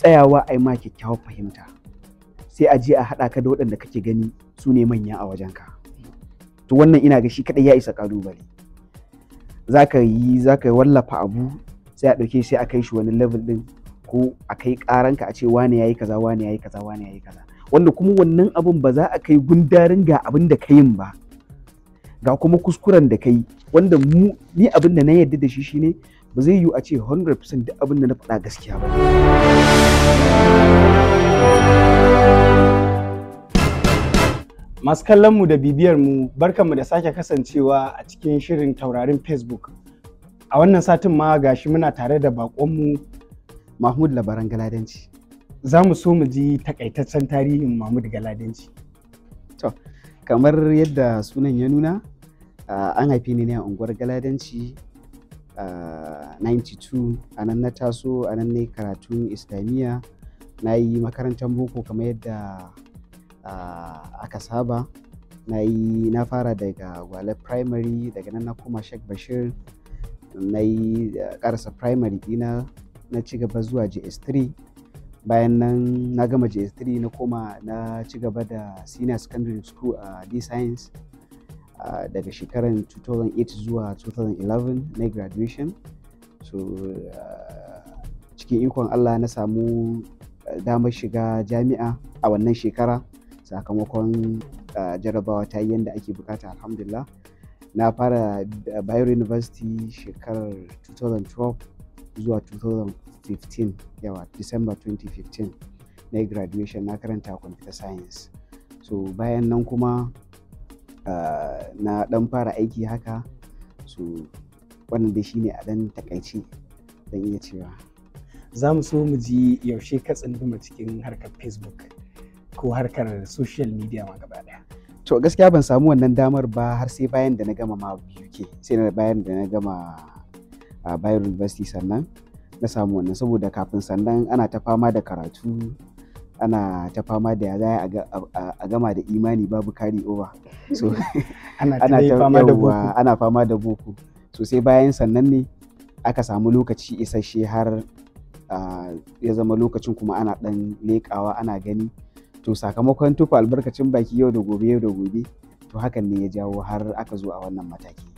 tsayawa a yi ma kyakkyawar fahimta sai a je a haɗa ka da waɗanda kake gani su ne manya a wajen ka. to wannan ina ga shi kaɗai ya isa ƙalubale za ka yi za ka wallafa abu sai a ɗauke sai a kai shi wani level ɗin ko a kai ƙaranka a ce wane ya yi kaza wane ya yi kaza wane ya yi kaza wanda kuma wannan abin ba za a kai gundarin ga abin da ka yin ba ga kuma kuskuren da ka yi wanda mu ni abin da na yarda da shi shine ba zai yiwu a ce 100% duk abin da na faɗa gaskiya ba masu kallonmu da bibiyar mu barkanmu da sake kasancewa a cikin shirin taurarin facebook a wannan satin ma gashi muna tare da bakonmu mahmud labaran galadanci za mu so mu ji takaitaccen tarihin mahmud galadanci to kamar yadda sunan ya nuna ah, an haife ni ne a unguwar galadanci 92 a nan na taso a nan na karatun islamiyya na yi makarantar boko kamar yadda ah, aka saba na yi na fara daga gwale primary daga nan na koma sheikh bashir na yi karasa ah, primary dina na ci gaba zuwa js3 bayan nan na gama js3 na koma na ci gaba da senior secondary school a ah, d science Ah, daga shekarar 2008 zuwa 2011 na graduation so ah, cikin ikon allah na samu ah, damar shiga jami'a a wannan shekara sakamakon jarabawa ta yi yadda ake bukata alhamdulillah na fara bayero university shekarar 2012 zuwa 2015 yawa december 2015 na graduation na karanta computer science so bayan nan kuma na dan fara aiki haka su wannan dai shine a dan takaice zan iya cewa za mu so mu ji yaushe ka tsunduma cikin harkar facebook ko harkar social media ma gaba daya to gaskiya ban samu wannan damar ba har sai bayan da na gama ma uk sai na bayan da na gama a bayan university sannan na samu wannan saboda kafin sannan ana ta fama da karatu ana ta fama da ya za a gama da imani babu kari over so ana fama da boko ana fama da boko so sai bayan sannan ne aka samu lokaci isasshe har ya zama lokacin kuma ana dan leƙawa ana gani to sakamakon tufa albarkacin baki yau da gobe yau da gobe to hakan ne ya jawo har aka zo a wannan mataki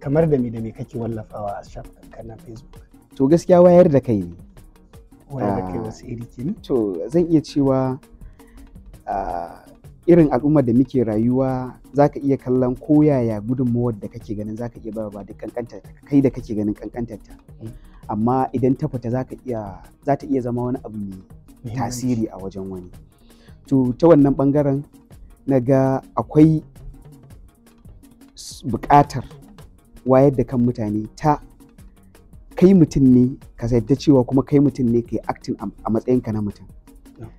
kamar da me da me kake wallafawa a shafukan na facebook to gaskiya wayar da kai ne wani da kai ah. wasu iri kenan to zan iya cewa irin al'ummar da muke rayuwa za ka iya kallon koyaya gudunmawar da kake ganin za ka iya bayarwa duk kankantar kai da kake ganin kankantar ta mm. amma idan ta fita za ta iya zama wani abu mai tasiri a wajen wani to ta wannan bangaren na ga akwai bukatar wayar da kan mutane ta kai mutum ne ka yadda cewa kuma kai mutum ne kai aktin a matsayinka na mutum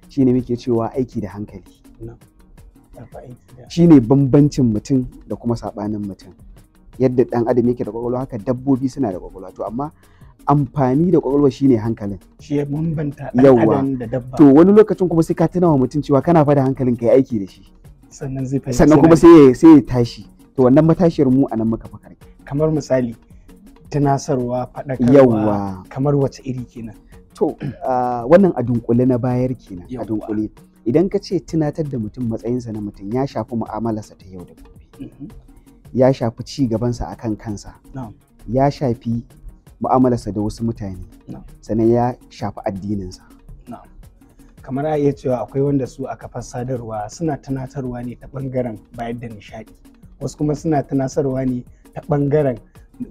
shi ne muke cewa aiki da hankali shi ne bambancin mutum da kuma saɓanin mutum yadda ɗan adam yake da kwakwalwa haka dabbobi suna da ƙwaƙwalwa. to amma amfani da shi shine hankalin shi ya bambanta ɗan adam da dabba to wani lokacin kuma sai ka tuna wa mutum cewa kana fada hankalin ka yi aiki da shi sannan zai fahimci sannan kuma sai ya tashi to wannan matashiyar mu anan muka fakar kamar misali tunasarwa faɗakarwa kamar wace iri kenan to uh, wannan a dunkule na bayar kenan a dunkule idan ka ce tunatar da mutum matsayinsa na mutum ya shafi mu'amalarsa ta yau da gobe mm-hmm. ya shafi ci gabansa a kan kansa ya shafi mu'amalarsa da wasu mutane sannan ya shafi addininsa kamar a iya cewa akwai wanda su a kafar sadarwa suna tunatarwa ne ta bangaren bayar da nishaɗi wasu kuma suna tunasarwa ne ta bangaren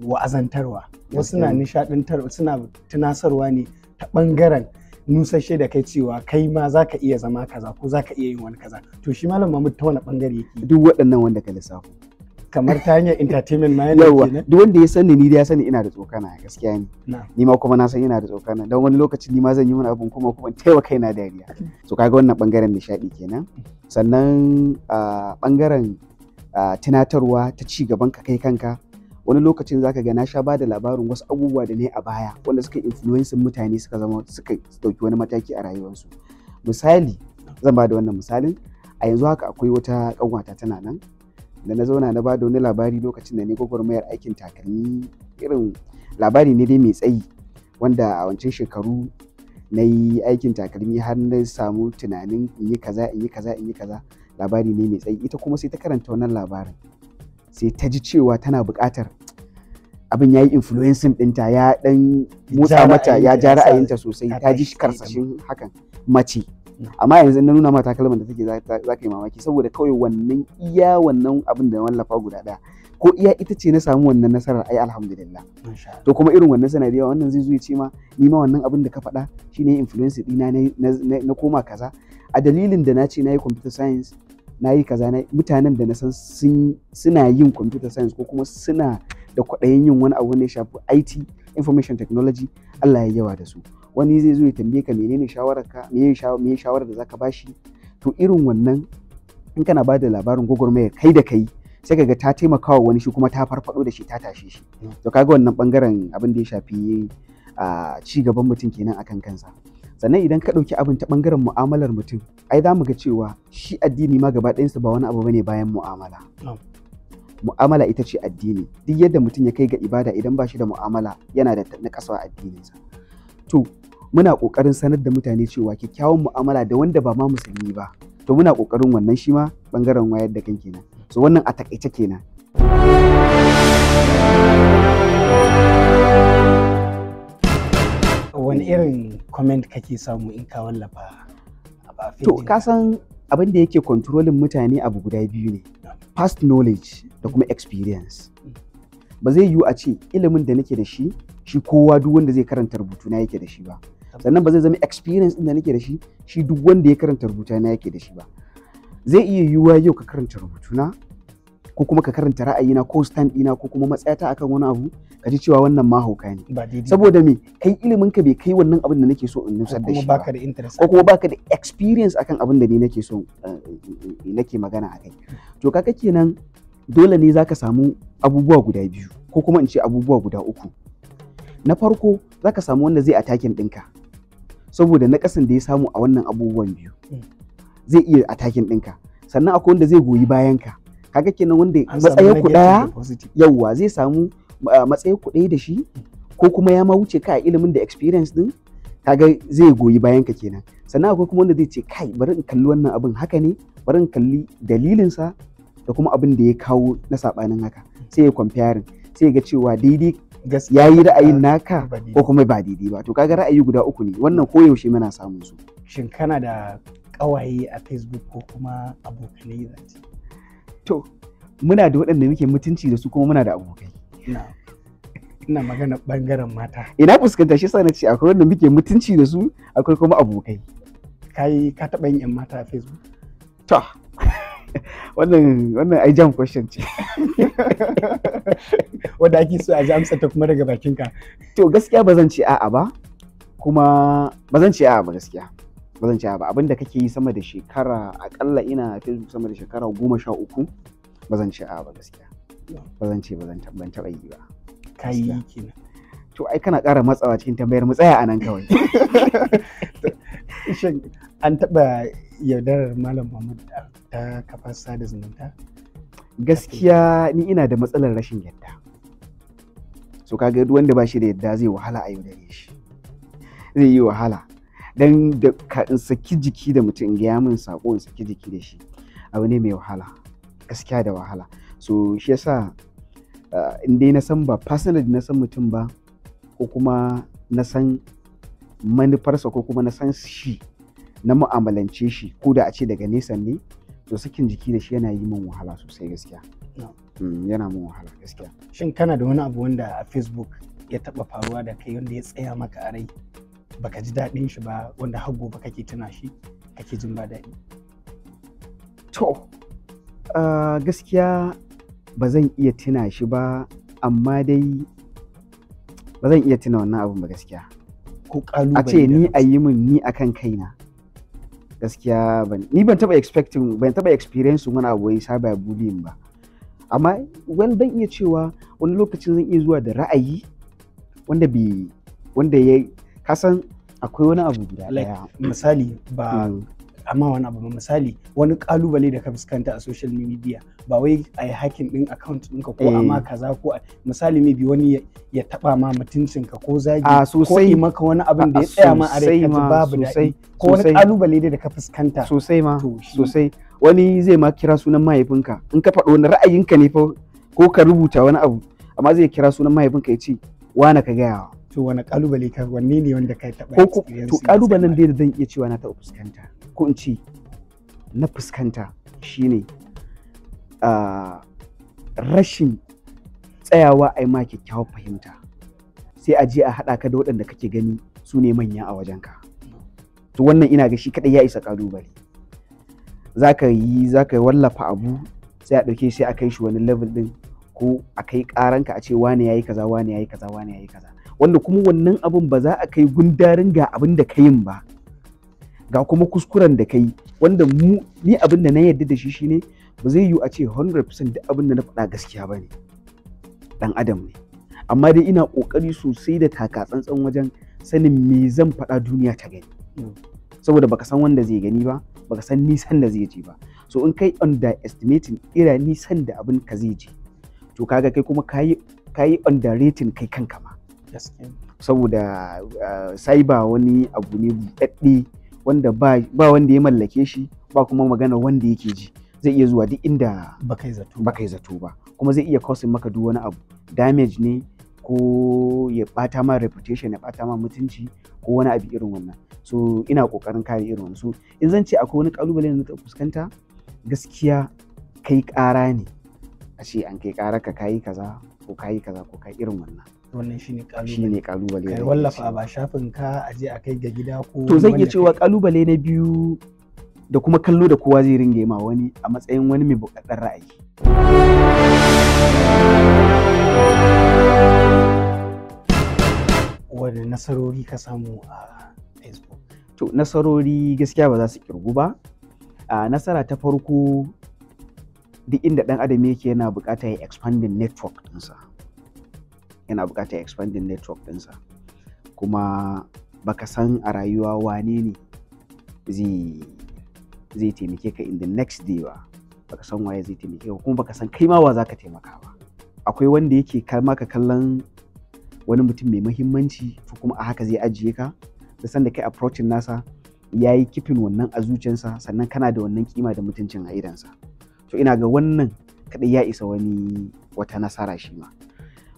wa'azantarwa wasu na nishadantarwa suna tunasarwa ne ta bangaren nusashe da kai cewa kai ma za ka iya zama kaza ko za ka iya yin wani kaza to shi malam mamud ta wani bangare yake duk waɗannan wanda ka lissafo kamar ta hanyar entertainment ma yana yawa duk wanda ya sani ni da ya sani ina da tsokana gaskiya ne ni ma kuma na san ina da tsokana don wani lokacin ni ma zan yi wani abun kuma kuma taiwa kaina dariya to kaga wannan bangaren nishadi kenan sannan bangaren ah, ah, tunatarwa ta ci gaban ka kai kanka wani lokacin zaka ga na sha bada labarin wasu abubuwa da ne a baya wanda suka influence mutane suka zama suka dauki wani mataki a rayuwarsu misali zan ba da wannan misalin a yanzu haka akwai wata kanwata tana nan da na zauna na bada wani labari lokacin da ne gwagwarmayar aikin takalmi irin labari ne dai mai tsayi wanda a wancan shekaru na yi aikin takalmi har na samu tunanin in yi kaza in yi kaza in yi kaza labari ne mai tsayi ita kuma sai ta karanta wannan labarin sai ta ji cewa tana bukatar abin ya yi influencing ɗinta ya ɗan motsa mata ya ja ra'ayinta sosai ta ji karsashin hakan mace mm. amma yanzu na nuna mata kalmar da take za ka yi mamaki saboda kawai wannan iya wannan abin da wallafa guda ɗaya ko iya ita ce na samu wannan nasarar ai alhamdulillah to kuma irin wannan sanadiya wannan zai zo ya ce ma ni ma wannan abin da ka faɗa shine influence ɗina na koma kaza a dalilin da na ce na yi computer science na yi kaza na mutanen da na san suna yin computer science ko kuma suna da kwaɗayin yin wani abu ne shafi IT information technology Allah ya yawa da su wani zai zo ya tambaye ka menene shawarar ka me ya shawarar da zaka bashi to irin wannan in kana ba da labarin gwagwarmaya kai da kai sai kaga ta taimakawa wani shi kuma ta farfado da shi ta tashe shi to kaga wannan bangaren abin da ya shafi a ah, ci gaban mutum kenan akan kansa sannan idan ka ɗauki abin ta ɓangaren mu'amalar mutum ai za mu ga cewa shi addini ma gaba ɗayansa ba wani abu bane bayan mu'amala mu'amala ita ce addini duk yadda mutum ya kai ga ibada idan ba shi da mu'amala yana da naƙasa a addininsa to muna ƙoƙarin sanar da mutane cewa kyakkyawan mu'amala da wanda ba ma musulmi ba to muna ƙoƙarin wannan shi ma ɓangaren wayar da kan kenan so wannan a taƙaice kenan wani eh. irin comment kake samu in ka wallafa a to san abin da yake controlling mutane abu guda biyu ne past knowledge da kuma experience mm. ba zai yiwu a ce ilimin da nake da shi shi kowa duk wanda zai karanta rubutu na yake da shi ba sannan ba zai zama experience din da nake da shi shi duk wanda ya karanta rubutu na yake da shi ba zai iya yiwuwa yau ka karanta rubutu na ko kuma ka karanta ra'ayina ko stand ina ko kuma matsayata akan wani abu ka ji cewa wannan ma hauka ne saboda me kai ilimin ka bai kai wannan abin da nake so in nusar da shi ba ko kuma baka da experience akan abin da ni nake so eh, eh, nake magana akai to kaka kenan dole ne zaka samu abubuwa guda biyu ko kuma in ce abubuwa guda uku na farko zaka samu wanda zai atakin dinka saboda na kasan da ya samu a wannan abubuwan biyu hmm. zai iya attacking ɗinka sannan akwai wanda zai goyi bayan ka? kaga kenan wanda matsayin ku daya yauwa zai samu ah, matsayin ku da shi ko kuma ya ma wuce ka ilimin da experience din kaga zai goyi bayan ka kenan sannan akwai kuma wanda zai ce kai bari in kalli wannan abin haka ne bari in kalli dalilinsa da kuma abin da ya kawo na sabanin haka sai ya comparing sai ya ga cewa daidai ya yi ra'ayin naka ko kuma ba daidai ba to kaga ra'ayi guda uku ne wannan ko yaushe muna samun su shin kana da kawaye a facebook ko kuma abokanai zance to muna da waɗanda muke mutunci da su kuma muna da abokai ina magana bangaren mata ina fuskanta shi sa na ce akwai wanda muke mutunci da su akwai kuma abokai kai ka taɓa yin yan mata a facebook to wannan wannan ai jam question ce wanda ake so a ji amsa ta kuma daga bakinka to gaskiya ba zan ce a'a ba kuma ba zan ce a'a ba gaskiya ba zan ce ba abinda kake yi sama da shekara akalla ina facebook sama da shekara goma sha uku ba zan ce ba gaskiya ba zan ce ba zan taɓa yi ba ka yi kenan to ai kana ƙara matsawa cikin tambayar mu tsaya a nan kawai shin an taɓa yaudarar malam muhammad ta kafar sada zumunta gaskiya ni ina da matsalar rashin yadda so kaga duk wanda ba shi da yadda zai wahala a yaudare shi zai yi wahala dan da ka in saki jiki da mutum in ga min sako in saki jiki da shi abu ne mai wahala gaskiya da wahala so shi yasa in dai na san ba personally na san mutum ba ko kuma na san manufarsa ko kuma na san shi na mu'amalance shi ko da a ce daga nesa ne to sakin jiki da shi yana yi min wahala sosai gaskiya hmm, yana min wahala gaskiya shin kana da wani abu wanda a facebook ya taba faruwa da kai wanda ya tsaya maka a rai baka ji daɗin shi ba wanda har gobe kake tuna shi kake jin ba daɗi to gaskiya ba zan iya tuna shi ba amma dai ba zan iya tuna wannan abin ba gaskiya ko a ce ni a yi min ni akan kaina gaskiya ban ni ban taba expecting ban taba experience wani abu wai cyber bullying ba amma wani dan iya cewa wani lokacin zan iya zuwa da ra'ayi wanda bi wanda ya kasan akwai wani abu guda daya misali ba mm. amma wani abu ba. misali wani kalubale da ka fuskanta a social media ba wai a yi hakin din account ɗinka ko amma mm. kaza ko misali bi wani ya taba ma mutuncinka ko zagi ko yi maka wani abin da ya tsaya ma a rai babu daɗi ko wani kalubale da ka fuskanta sosai ma sosai wani zai ma kira sunan mahaifinka in ka faɗo wani ra'ayinka ne fa ko ka rubuta wani abu amma zai kira sunan mahaifinka ya ce wa na ka gaya wa? to wani kalubale ka wanne ne wanda ka taɓa ko to kalubalen dai da zan iya cewa na taɓa fuskanta ko in ce na fuskanta shine rashin tsayawa a yi ma kyakkyawar fahimta sai a je a haɗa ka da waɗanda kake gani su ne manya a wajen ka. to wannan ina ga shi kaɗai ya isa kalubale za ka yi za wallafa abu sai a ɗauke sai a kai shi wani level ɗin ko a kai ƙaranka a ce wane ya yi kaza wane ya yi kaza wane ya yi kaza wanda kuma wannan abin ba za a kai gundarin ga abin da ka yin ba ga kuma kuskuren da ka yi wanda mu ni abin da na yarda da shi shine ba zai yiwu a ce 100% duk abin da na faɗa gaskiya ba ne ɗan adam ne amma dai ina ƙoƙari sosai da taka tsantsan wajen sanin me zan faɗa duniya ta gani saboda baka san wanda zai gani ba baka san nisan da zai je ba so in kai underestimating ira nisan da abin ka zai je to kaga kai kuma kayi kayi underrating kai kanka ma saboda eh, cyber wani abu ne buɗaɗɗe wanda ba wanda ya mallake shi ba kuma magana wanda yake ji zai iya zuwa duk inda bakai kai zato ba kuma zai iya causing maka duk wani abu damage ne ko ya bata ma reputation ya bata ma mutunci ko wani abu irin wannan so ina kokarin kare irin wannan so in zan ce akwai wani kalubale da fuskanta gaskiya kai ƙara ne a ce an kai ƙara ka kayi kaza ko kayi kaza ko kayi irin wannan wannan shine kalubale shine kalubale kai wallafa ba shafin ka a je a kai ga gida ko to zan iya cewa kalubale na biyu da kuma kallo da kowa zai ringa ma wani a matsayin wani mai bukatar ra'ayi wani nasarori ka samu a facebook to nasarori gaskiya ba za su kirgu ba a nasara ta farko duk inda dan adam yake yana bukata ya expanding network ɗinsa yana buƙatar expanding network dinsa kuma baka san a rayuwa wane ne zai taimake ka in the next day ba baka san waye zai taimake ka kuma baka san kai ma wa za ka taimaka ba akwai wanda yake maka kallon wani mutum mai mahimmanci ko kuma a haka zai ajiye ka da sanda kai approaching nasa ya yi kifin wannan a zuciyarsa sannan kana da wannan kima da mutuncin a idansa to ina ga wannan kaɗai ya isa wani wata nasara shi ma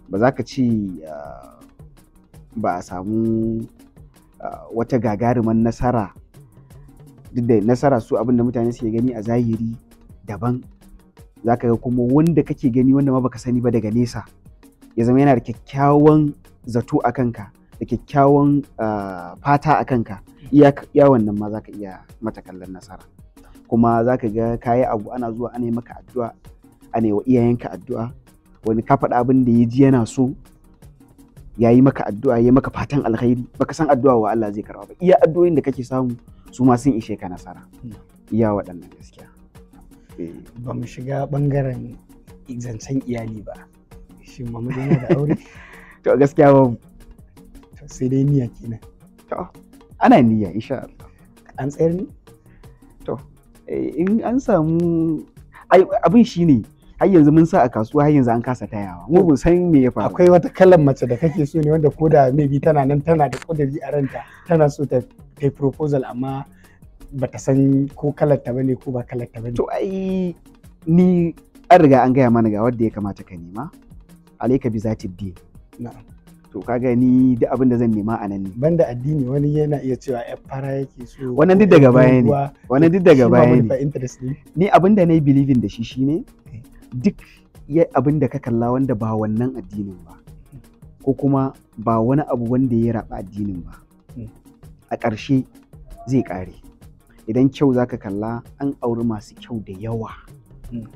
ba za ka ce ah, ba a samu ah, wata gagariman nasara duk da nasara su abin da mutane suke gani a zahiri daban za ka ga kuma wanda kake gani wanda ma baka sani ba daga nesa ya zama yana da kyakkyawan zato a kanka da kyakkyawan ah, fata a kanka iya wannan ma za ka iya mata kallon nasara kuma za ka ga kayi abu ana zuwa ana yi maka addu'a ana yi wa iyayenka addu'a wani ka faɗa abin da ya ji yana so ya yi maka addu'a ya maka fatan alkhairi baka san addu'a wa Allah zai karba ba iya addu'o'in da kake samu su ma sun ishe ka nasara iya waɗannan gaskiya eh. ba mu shiga bangaren zancen iyali ba shi mu yana da aure to gaskiya ba to sai dai niyya kenan to ana niyya insha Allah an tsayar ni to eh, in an samu abin shine ne har yanzu mun sa a kasuwa har yanzu an kasa tayawa mu ban san me ya faru akwai wata kalan mace da kake so ne wanda koda maybe tana nan tana da kudari a ranta tana so ta ta proposal amma bata san ko kalar ta bane ko ba kalar ta bane to ai ni an riga an gaya mana ga wanda ya kamata ka nema alaika bi zati din na'am to kaga ni da abin da zan nema a nan ne banda addini wani yana iya cewa yar fara yake so wannan duk daga baya ne wannan duk daga baya ne ni abin da na yi believing da shi shine duk abin da ka kalla wanda ba wannan addinin ba ko kuma ba wani abu wanda ya raba addinin ba a ƙarshe zai ƙare idan kyau za ka kalla an auri masu kyau da yawa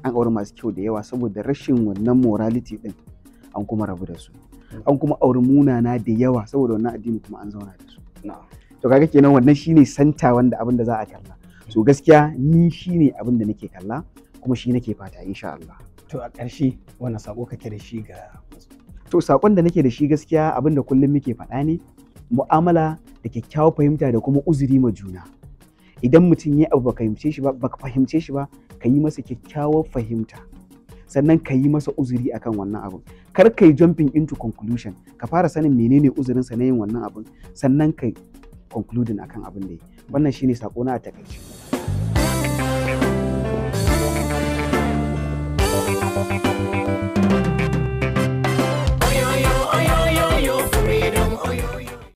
an auri masu kyau da yawa saboda rashin wannan morality din an kuma rabu da su an kuma auri munana da yawa saboda wannan addini kuma an zauna da su to kaga kenan wannan shine santa wanda abin da za a kalla so gaskiya ni shine abin da nake kalla kuma shi nake fata insha Allah to a ƙarshe wani saƙo kake da shi ga to saƙon da nake da shi gaskiya abinda kullum muke faɗa ne mu'amala da kyakkyawar fahimta da kuma uzuri ma juna idan mutum ya abu baka fahimce shi ba baka fahimce shi ba ka yi masa kyakkyawar fahimta sannan ka yi masa uzuri akan wannan abin kar ka yi jumping into conclusion ka fara sanin menene uzurinsa na yin wannan abin sannan ka concluding akan abin da yi wannan shine saƙona a takaice